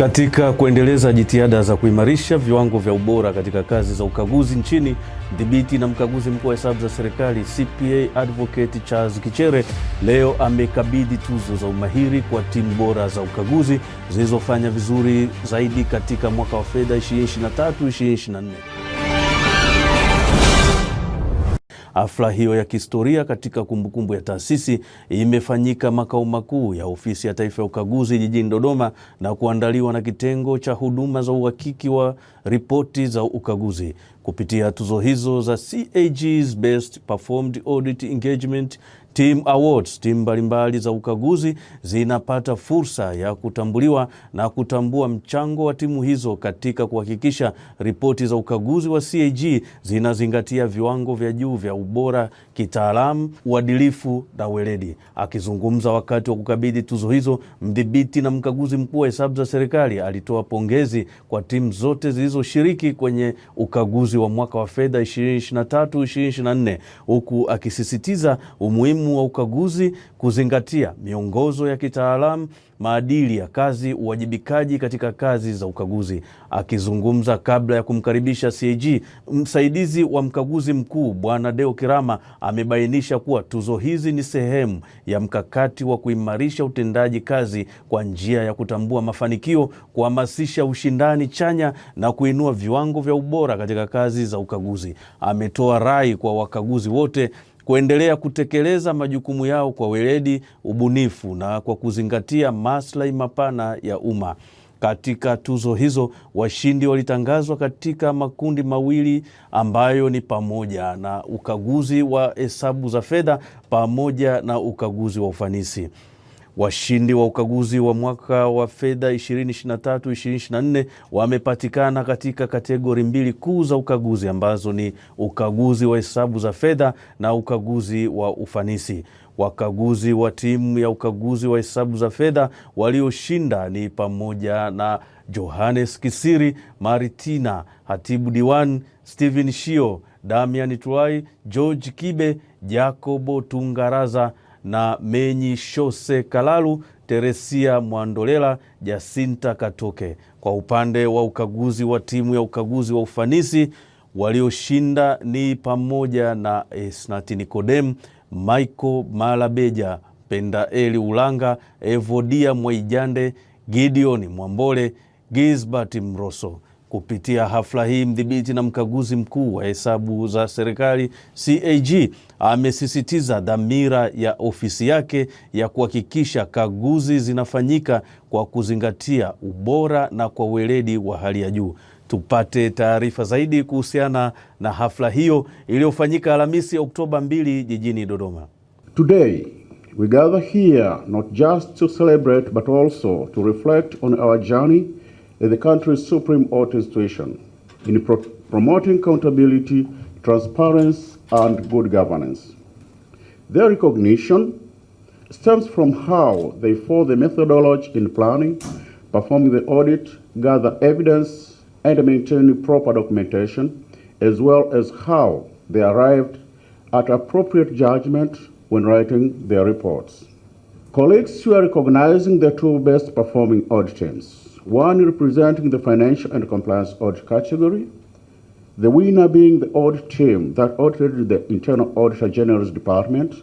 Katika kuendeleza jitihada za kuimarisha viwango vya ubora katika kazi za ukaguzi nchini, mdhibiti na mkaguzi mkuu wa hesabu za serikali CPA Advocate Charles Kichere leo amekabidhi tuzo za umahiri kwa timu bora za ukaguzi zilizofanya vizuri zaidi katika mwaka wa fedha 2023/2024. Hafla hiyo ya kihistoria katika kumbukumbu kumbu ya taasisi imefanyika makao makuu ya Ofisi ya Taifa ya Ukaguzi jijini Dodoma na kuandaliwa na kitengo cha huduma za uhakiki wa ripoti za ukaguzi. Kupitia tuzo hizo za CAG's Best Performed Audit Engagement Team Awards, timu mbalimbali za ukaguzi zinapata fursa ya kutambuliwa na kutambua mchango wa timu hizo katika kuhakikisha ripoti za ukaguzi wa CAG zinazingatia viwango vya juu vya ubora kitaalamu, uadilifu na weledi. Akizungumza wakati wa kukabidhi tuzo hizo, mdhibiti na mkaguzi mkuu wa hesabu za serikali alitoa pongezi kwa timu zote zilizoshiriki kwenye ukaguzi wa mwaka wa fedha 2023/2024 huku akisisitiza umuhimu umuhimu wa ukaguzi, kuzingatia miongozo ya kitaalamu, maadili ya kazi, uwajibikaji katika kazi za ukaguzi. Akizungumza kabla ya kumkaribisha CAG, msaidizi wa mkaguzi mkuu Bwana Deo Kirama amebainisha kuwa tuzo hizi ni sehemu ya mkakati wa kuimarisha utendaji kazi kwa njia ya kutambua mafanikio, kuhamasisha ushindani chanya na kuinua viwango vya ubora katika kazi za ukaguzi. Ametoa rai kwa wakaguzi wote kuendelea kutekeleza majukumu yao kwa weledi, ubunifu na kwa kuzingatia maslahi mapana ya umma. Katika tuzo hizo washindi walitangazwa katika makundi mawili ambayo ni pamoja na ukaguzi wa hesabu za fedha pamoja na ukaguzi wa ufanisi. Washindi wa ukaguzi wa mwaka wa fedha 2023/2024 wamepatikana katika kategori mbili kuu za ukaguzi ambazo ni ukaguzi wa hesabu za fedha na ukaguzi wa ufanisi. Wakaguzi wa timu ya ukaguzi wa hesabu za fedha walioshinda ni pamoja na Johannes Kisiri Maritina, Hatibu Diwan, Steven Shio, Damian Tuai, George Kibe, Jacobo Tungaraza na Menyi Shose Kalalu, Teresia Mwandolela, Jasinta katoke Kwa upande wa ukaguzi wa timu ya ukaguzi wa ufanisi walioshinda ni pamoja na Esnati Nikodem, Michael Malabeja, Pendaeli Ulanga, Evodia Mwaijande, Gideon Mwambole, gisbert Mroso. Kupitia hafla hii, mdhibiti na mkaguzi mkuu wa hesabu za serikali CAG amesisitiza dhamira ya ofisi yake ya kuhakikisha kaguzi zinafanyika kwa kuzingatia ubora na kwa weledi wa hali ya juu. Tupate taarifa zaidi kuhusiana na hafla hiyo iliyofanyika Alhamisi ya Oktoba 2 jijini Dodoma. Today we gather here not just to celebrate but also to reflect on our journey that the country's Supreme audit institution in pro promoting accountability, transparency, and good governance. Their recognition stems from how they follow the methodology in planning, performing the audit, gather evidence, and maintaining proper documentation, as well as how they arrived at appropriate judgment when writing their reports. Colleagues, you are recognizing the two best performing audit teams one representing the financial and compliance audit category, the winner being the audit team that audited the Internal Auditor General's Department,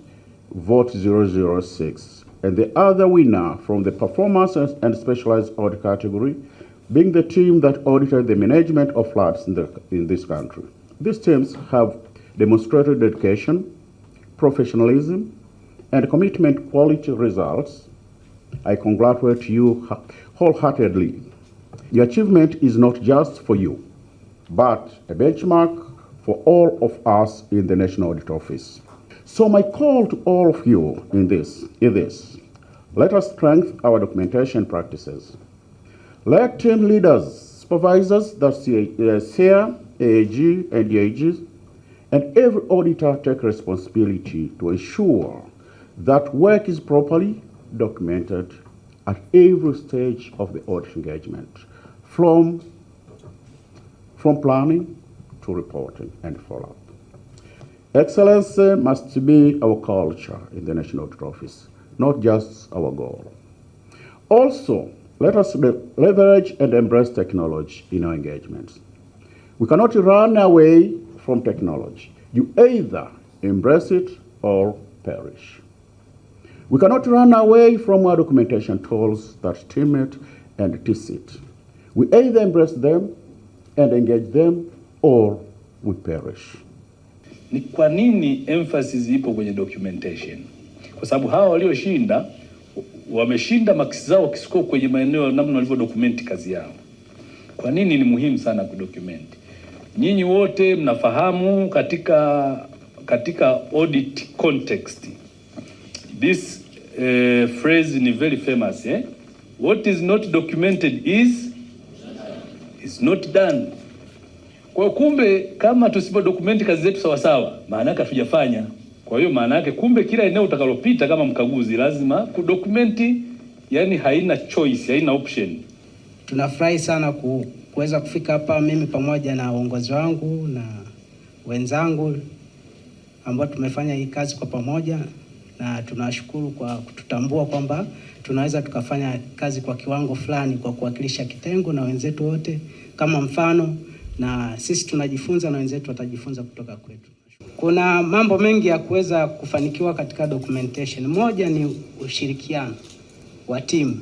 vote 006, and the other winner from the performance and specialized audit category being the team that audited the management of floods in, the, in this country. These teams have demonstrated dedication, professionalism, and commitment to quality results. I congratulate you wholeheartedly. The achievement is not just for you, but a benchmark for all of us in the National Audit Office. So my call to all of you in this is this. Let us strengthen our documentation practices. Let team leaders, supervisors, the SEA, uh, AAG, and DAGs, and every auditor take responsibility to ensure that work is properly documented at every stage of the audit engagement, from, from planning to reporting and follow-up. Excellence uh, must be our culture in the National Audit Office, not just our goal. Also, let us leverage and embrace technology in our engagements. We cannot run away from technology. You either embrace it or perish. We cannot run away from our documentation tools that team it and tease it. We either embrace them and engage them or we perish. Ni kwa nini emphasis ipo kwenye documentation? Kwa sababu hawa walioshinda wameshinda maksi zao wakisukua kwenye maeneo namna dokumenti kazi yao. Kwa nini ni muhimu sana kudokumenti? Nyinyi wote mnafahamu katika, katika audit context This uh, phrase is very famous. Eh? What is not documented is, is not done. Kwa kumbe kama tusipo dokumenti kazi zetu sawasawa, maana yake hatujafanya. Kwa hiyo maana yake kumbe kila eneo utakalopita kama mkaguzi lazima kudokumenti, yani haina choice, haina option. Tunafurahi sana ku, kuweza kufika hapa mimi pamoja na uongozi wangu na wenzangu ambao tumefanya hii kazi kwa pamoja na tunashukuru kwa kututambua kwamba tunaweza tukafanya kazi kwa kiwango fulani kwa kuwakilisha kitengo na wenzetu wote kama mfano, na sisi tunajifunza na wenzetu watajifunza kutoka kwetu. Kuna mambo mengi ya kuweza kufanikiwa katika documentation. Moja ni ushirikiano wa timu,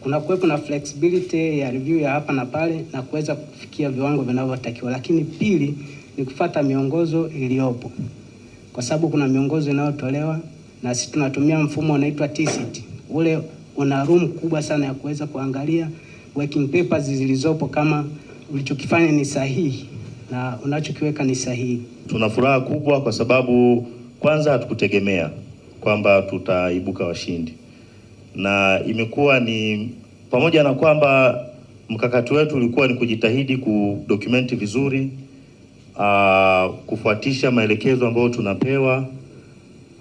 kuna kuwepo na flexibility ya review ya hapa na pale na kuweza kufikia viwango vinavyotakiwa, lakini pili ni kufata miongozo iliyopo kwa sababu kuna miongozo inayotolewa na sisi tunatumia mfumo unaitwa TCT. Ule una room kubwa sana ya kuweza kuangalia working papers zilizopo kama ulichokifanya ni sahihi na unachokiweka ni sahihi. Tuna furaha kubwa kwa sababu kwanza hatukutegemea kwamba tutaibuka washindi, na imekuwa ni pamoja na kwamba mkakati wetu ulikuwa ni kujitahidi kudokumenti vizuri uh, kufuatisha maelekezo ambayo tunapewa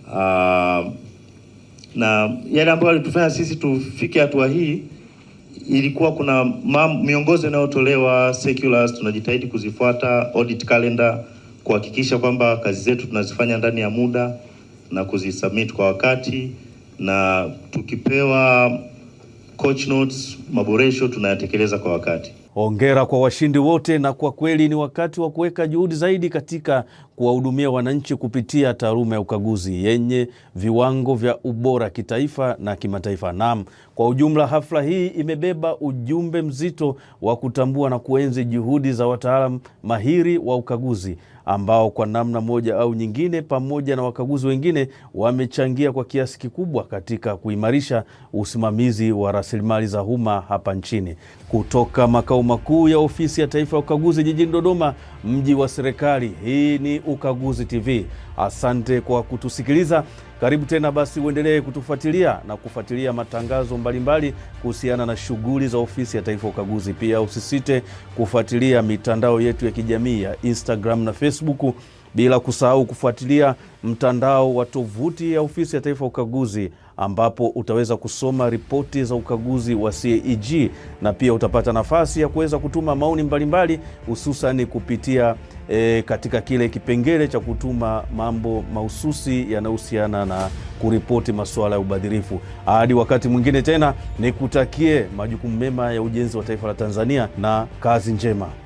uh, na yale ambayo alitufanya sisi tufike hatua hii ilikuwa kuna miongozo inayotolewa seculars, tunajitahidi kuzifuata audit calendar, kuhakikisha kwamba kazi zetu tunazifanya ndani ya muda na kuzisubmit kwa wakati, na tukipewa coach notes, maboresho tunayatekeleza kwa wakati. Hongera kwa washindi wote, na kwa kweli ni wakati wa kuweka juhudi zaidi katika kuwahudumia wananchi kupitia taaluma ya ukaguzi yenye viwango vya ubora kitaifa na kimataifa. Naam, kwa ujumla hafla hii imebeba ujumbe mzito wa kutambua na kuenzi juhudi za wataalam mahiri wa ukaguzi ambao kwa namna moja au nyingine, pamoja na wakaguzi wengine, wamechangia kwa kiasi kikubwa katika kuimarisha usimamizi wa rasilimali za umma hapa nchini. Kutoka makao makuu ya Ofisi ya Taifa ya Ukaguzi jijini Dodoma, mji wa serikali, hii ni Ukaguzi TV. Asante kwa kutusikiliza. Karibu tena basi, uendelee kutufuatilia na kufuatilia matangazo mbalimbali kuhusiana na shughuli za Ofisi ya Taifa ya Ukaguzi. Pia usisite kufuatilia mitandao yetu ya kijamii ya Instagram na Facebook, bila kusahau kufuatilia mtandao wa tovuti ya Ofisi ya Taifa ya Ukaguzi ambapo utaweza kusoma ripoti za ukaguzi wa CAG na pia utapata nafasi ya kuweza kutuma maoni mbalimbali hususani kupitia e, katika kile kipengele cha kutuma mambo mahususi yanayohusiana na kuripoti masuala ya ubadhirifu. Hadi wakati mwingine tena, nikutakie majukumu mema ya ujenzi wa taifa la Tanzania na kazi njema.